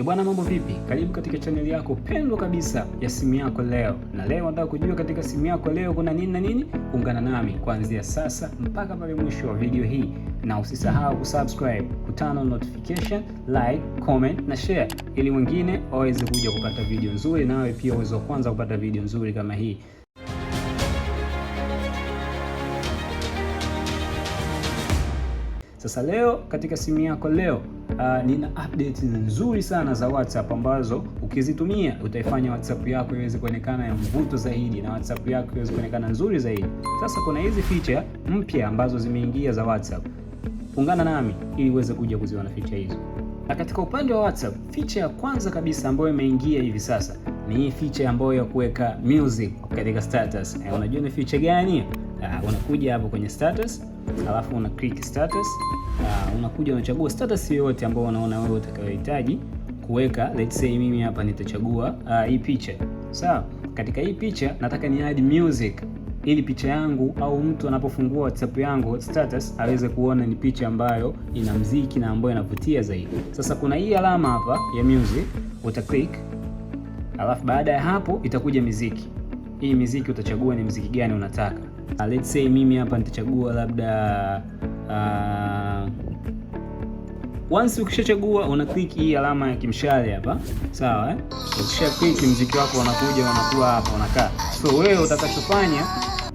E bwana, mambo vipi? Karibu katika chaneli yako pendwa kabisa ya simu yako leo. Na leo nataka kujua katika simu yako leo kuna nini na nini. Ungana nami kuanzia sasa mpaka pale mwisho wa video hii, na usisahau kusubscribe, kutano notification, like, comment na share, ili wengine waweze kuja kupata video nzuri, nawe pia uweze kwanza kupata video nzuri kama hii. Sasa leo katika simu yako leo uh, nina update nzuri sana za WhatsApp ambazo ukizitumia utaifanya WhatsApp yako iweze kuonekana ya mvuto zaidi na WhatsApp yako iweze kuonekana nzuri zaidi. Sasa kuna hizi feature mpya ambazo zimeingia za WhatsApp. Ungana nami ili uweze kuja kuziona feature hizo. Na katika upande wa WhatsApp, feature ya kwanza kabisa ambayo imeingia hivi sasa ni hii feature ambayo ya kuweka music katika status. Eh, unajua ni feature gani? Uh, unakuja hapo kwenye status alafu una click status na unakuja unachagua status yoyote ambayo unaona wewe utakayohitaji kuweka. Let's say mimi hapa nitachagua uh, hii picha sawa. Katika hii picha nataka ni add music ili picha yangu au mtu anapofungua WhatsApp yangu status aweze kuona ni picha ambayo ina mziki na ambayo inavutia zaidi. Sasa kuna hii alama hapa ya music, uta click, alafu baada ya hapo itakuja miziki. Hii miziki utachagua ni mziki gani unataka. Uh, let's say mimi hapa nitachagua labda uh, once ukishachagua una click hii alama ya kimshale hapa, sawa eh? Ukisha click mziki wako unakuja unakuwa hapa unakaa. So wewe utakachofanya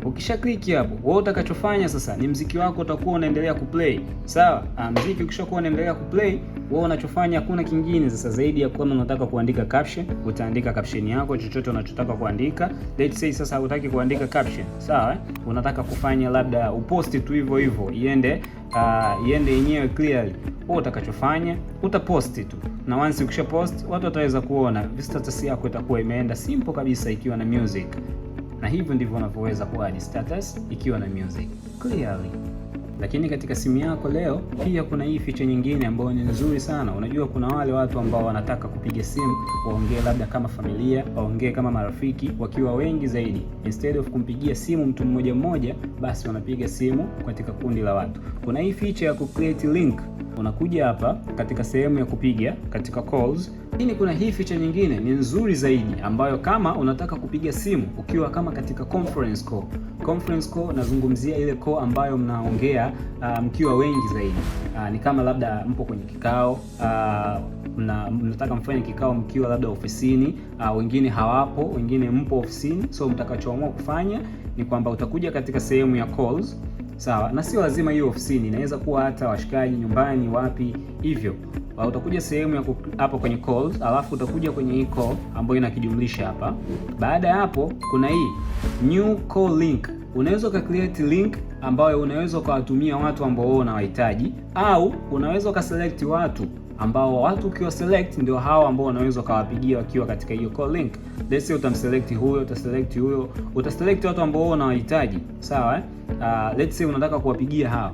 hapo. Ukisha click hapo, wewe utakachofanya sasa ni mziki wako utakuwa unaendelea kuplay. Sawa? Ah, mziki ukishakuwa unaendelea kuplay, wewe unachofanya hakuna kingine sasa zaidi ya kama unataka kuandika caption, utaandika caption yako chochote unachotaka kuandika. Let's say sasa hutaki kuandika caption. Sawa? eh? Unataka kufanya labda uposti tu hivyo hivyo iende ah, iende uh, yenyewe clearly. Wewe utakachofanya utaposti tu. Na once ukisha post, watu wataweza kuona. Status yako itakuwa imeenda simple kabisa ikiwa na music na hivyo ndivyo unavyoweza kuadd status ikiwa na music clearly. Lakini katika simu yako leo pia kuna hii feature nyingine ambayo ni nzuri sana. Unajua, kuna wale watu ambao wanataka kupiga simu waongee, labda kama familia, waongee kama marafiki, wakiwa wengi zaidi, instead of kumpigia simu mtu mmoja mmoja, basi wanapiga simu katika kundi la watu. Kuna hii feature ya ku link. Unakuja hapa katika sehemu ya kupiga katika calls lakini kuna hii feature nyingine ni nzuri zaidi, ambayo kama unataka kupiga simu ukiwa kama katika conference call. Conference call nazungumzia ile call ambayo mnaongea uh, mkiwa wengi zaidi uh, ni kama labda mpo kwenye kikao uh, mnataka mfanye kikao mkiwa labda ofisini uh, wengine hawapo, wengine mpo ofisini. So mtakachoamua kufanya ni kwamba utakuja katika sehemu ya calls, sawa, na sio lazima hiyo ofisini, inaweza kuwa hata washikaji, nyumbani, wapi hivyo utakuja sehemu ya hapo kwenye calls, alafu utakuja kwenye hii call ambayo inakijumlisha hapa. Baada ya hapo, kuna hii new call link. Unaweza uka create link ambayo unaweza ukawatumia watu ambao wewe unawahitaji, au unaweza ukaselect watu ambao watu ukiwa select ndio hao ambao unaweza ukawapigia wakiwa katika hiyo call link. Let's say utamselect huyo, utaselect huyo, utaselect watu ambao wewe unawahitaji, sawa eh? Uh, let's say unataka kuwapigia hao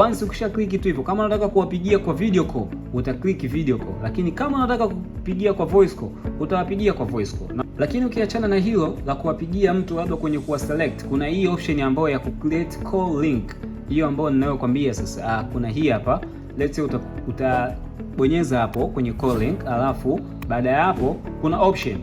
Once ukisha click tu hivyo, kama unataka kuwapigia kwa video call uta click video call, lakini kama unataka kupigia kwa voice call utawapigia kwa voice call na, lakini ukiachana na hilo la kuwapigia mtu labda kwenye kuwa select, kuna hii option ambayo ya ku create call link hiyo ambayo ninayokwambia sasa. Ah, kuna hii hapa let's say uta, utabonyeza hapo kwenye call link, alafu baada ya hapo kuna option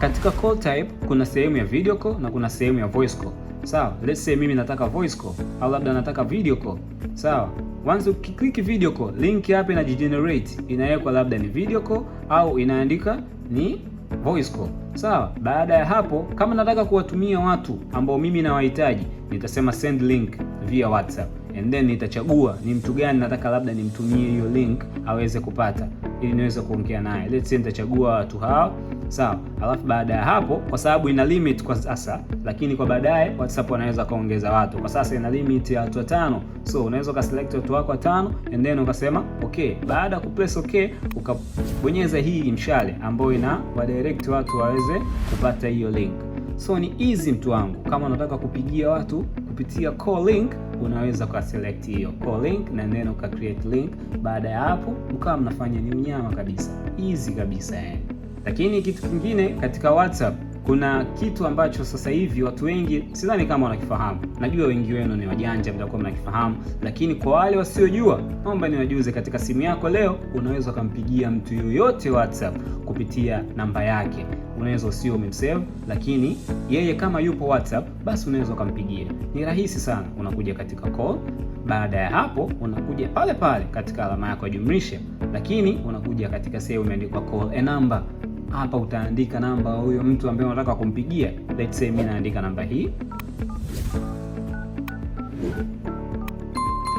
katika call type, kuna sehemu ya video call na kuna sehemu ya voice call sawa. Let's say mimi nataka voice call au labda nataka video call, sawa. Once ukiklik video call, link hapa inajigenerate, inawekwa labda ni video call au inaandika ni voice call, sawa. Baada ya hapo, kama nataka kuwatumia watu ambao mimi nawahitaji, nitasema send link via WhatsApp and then nitachagua ni mtu gani nataka labda nimtumie hiyo link aweze kupata ili niweze kuongea naye. Let's say nitachagua watu hao, sawa. Alafu baada ya hapo, kwa sababu ina limit kwa sasa, lakini kwa baadaye WhatsApp wanaweza kaongeza watu. Kwa sasa ina limit ya watu watano, so unaweza ukaselect watu wako watano and then ukasema okay. Baada ya kupress okay, ukabonyeza hii mshale ambayo ina wadirect watu waweze kupata hiyo link. So ni easy mtu wangu, kama unataka kupigia watu kupitia call link unaweza ukaselect hiyo call link na neno uka create link. Baada ya hapo, mkawa mnafanya ni mnyama kabisa, easy kabisa eh. Lakini kitu kingine katika WhatsApp kuna kitu ambacho sasa hivi watu wengi sidhani kama wanakifahamu. Najua wengi wenu ni wajanja, mtakuwa mnakifahamu, lakini kwa wale wasiojua, naomba niwajuze, katika simu yako leo unaweza ukampigia mtu yoyote WhatsApp kupitia namba yake. Unaweza usio umemsave, lakini yeye kama yupo WhatsApp, basi unaweza ukampigia. Ni rahisi sana, unakuja katika call. Baada ya hapo, unakuja pale pale katika alama yako ya jumlisha, lakini unakuja katika sehemu imeandikwa call a number hapa utaandika namba huyo mtu ambaye unataka kumpigia. Let's say mimi naandika namba hii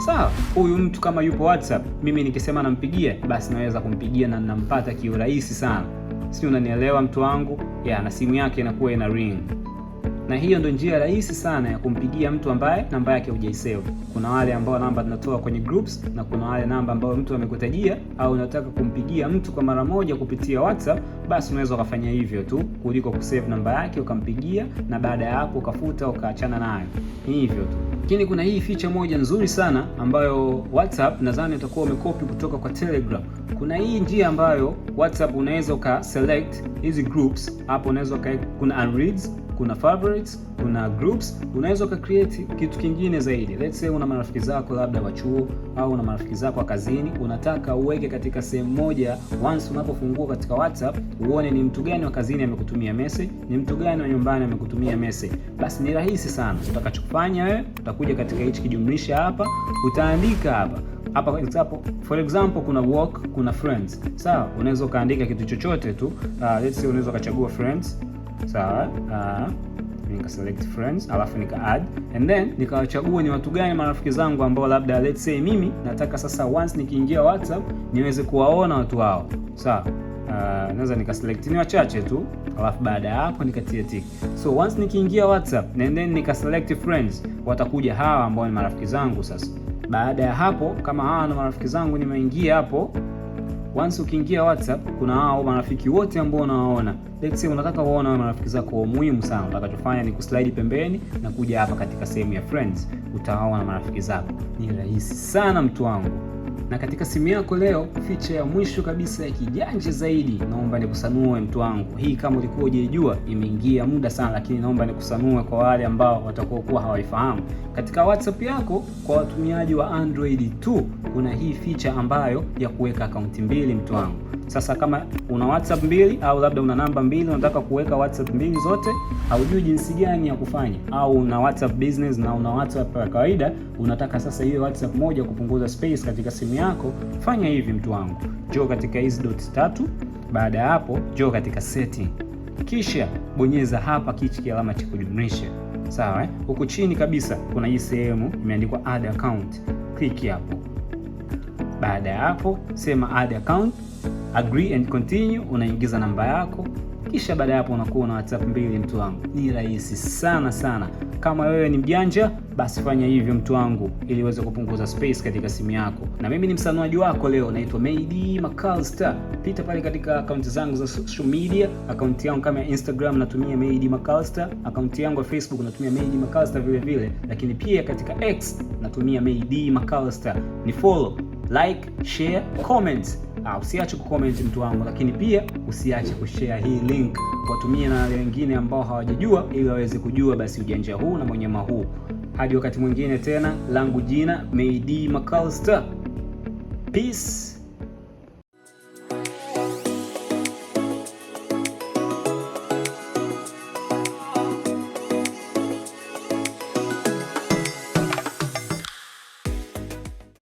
Sawa, huyu mtu kama yupo WhatsApp, mimi nikisema nampigia, basi naweza kumpigia na nampata kiurahisi sana. Si unanielewa mtu wangu? Yeah, na simu yake inakuwa ina ring na hiyo ndio njia rahisi sana ya kumpigia mtu ambaye namba yake hujaisave. Kuna wale ambao namba tunatoa kwenye groups na kuna wale namba ambayo mtu amekutajia au unataka kumpigia mtu kwa mara moja kupitia WhatsApp, basi unaweza ukafanya hivyo tu kuliko kusave namba yake ukampigia na baada ya hapo ukafuta ukaachana nayo, ni hivyo tu. Lakini kuna hii ficha moja nzuri sana ambayo WhatsApp nadhani utakuwa umekopi kutoka kwa Telegram. Kuna hii njia ambayo WhatsApp unaweza uka select hizi groups hapo, unaweza kuna unreads kuna favorites, kuna groups. Unaweza uka create kitu kingine zaidi. Let's say una marafiki zako labda wa chuo au una marafiki zako wa kazini, unataka uweke katika sehemu moja. Once unapofungua katika WhatsApp, uone ni mtu gani wa kazini amekutumia message, ni mtu gani wa nyumbani amekutumia message. Basi ni rahisi sana. Utakachofanya wewe, utakuja katika hichi kijumlisha hapa, utaandika hapa hapa example, for example kuna work, kuna friends. Sawa, unaweza ukaandika kitu chochote tu. Uh, let's say unaweza ukachagua friends sawa uh, ah, nika select friends alafu nika add and then nikawachagua ni watu gani marafiki zangu ambao labda let's say mimi nataka sasa once nikiingia WhatsApp niweze kuwaona watu hao sawa. Uh, naweza nika select ni wachache tu alafu baada ya hapo nikatia tick. So once nikiingia WhatsApp and then nika select friends, watakuja hawa ambao ni marafiki zangu sasa. Baada ya hapo kama hawa na marafiki zangu nimeingia hapo Once ukiingia WhatsApp kuna hao marafiki wote ambao unawaona. Let's say unataka kuona wao marafiki zako muhimu sana, utakachofanya ni kuslide pembeni na kuja hapa katika sehemu ya friends, utaona marafiki zako. Ni rahisi sana mtu wangu. Na katika simu yako leo, ficha ya mwisho kabisa ya kijanja zaidi, naomba nikusanue mtu wangu. Hii kama ulikuwa hujaijua, imeingia muda sana, lakini naomba nikusanue kwa wale ambao watakuwa kuwa hawaifahamu. Katika WhatsApp yako kwa watumiaji wa Android tu kuna hii ficha ambayo ya kuweka akaunti mbili mtu wangu sasa kama una WhatsApp mbili au labda una namba mbili unataka kuweka WhatsApp mbili zote, haujui jinsi gani ya kufanya, au una WhatsApp business na una WhatsApp ya kawaida, unataka sasa hiyo WhatsApp moja kupunguza space katika simu yako, fanya hivi mtu wangu, njoo katika hizi dots tatu. Baada ya hapo, njoo katika setting, kisha bonyeza hapa kichi kialama cha kujumlisha, sawa eh? Huku chini kabisa kuna hii sehemu imeandikwa add account, click hapo. Baada ya hapo, sema add account agree and continue, unaingiza namba yako, kisha baada ya hapo unakuwa na WhatsApp mbili. Mtu wangu, ni rahisi sana sana. Kama wewe ni mjanja, basi fanya hivyo mtu wangu, ili uweze kupunguza space katika simu yako. Na mimi ni msanuaji wako leo, naitwa Medi Macalster. Pita pale katika akaunti zangu za social media. Akaunti yangu kama ya Instagram natumia Medi Macalster, akaunti yangu ya Facebook natumia Medi Macalster vile vile, lakini pia katika X natumia Medi Macalster. Ni follow, like, share, comment Uh, usiache kucomment mtu wangu, lakini pia usiache kushare hii link watumie na wale wengine ambao hawajajua, ili waweze kujua basi ujanja huu na mwenyama huu. Hadi wakati mwingine tena, langu jina maidi Macalster. Peace.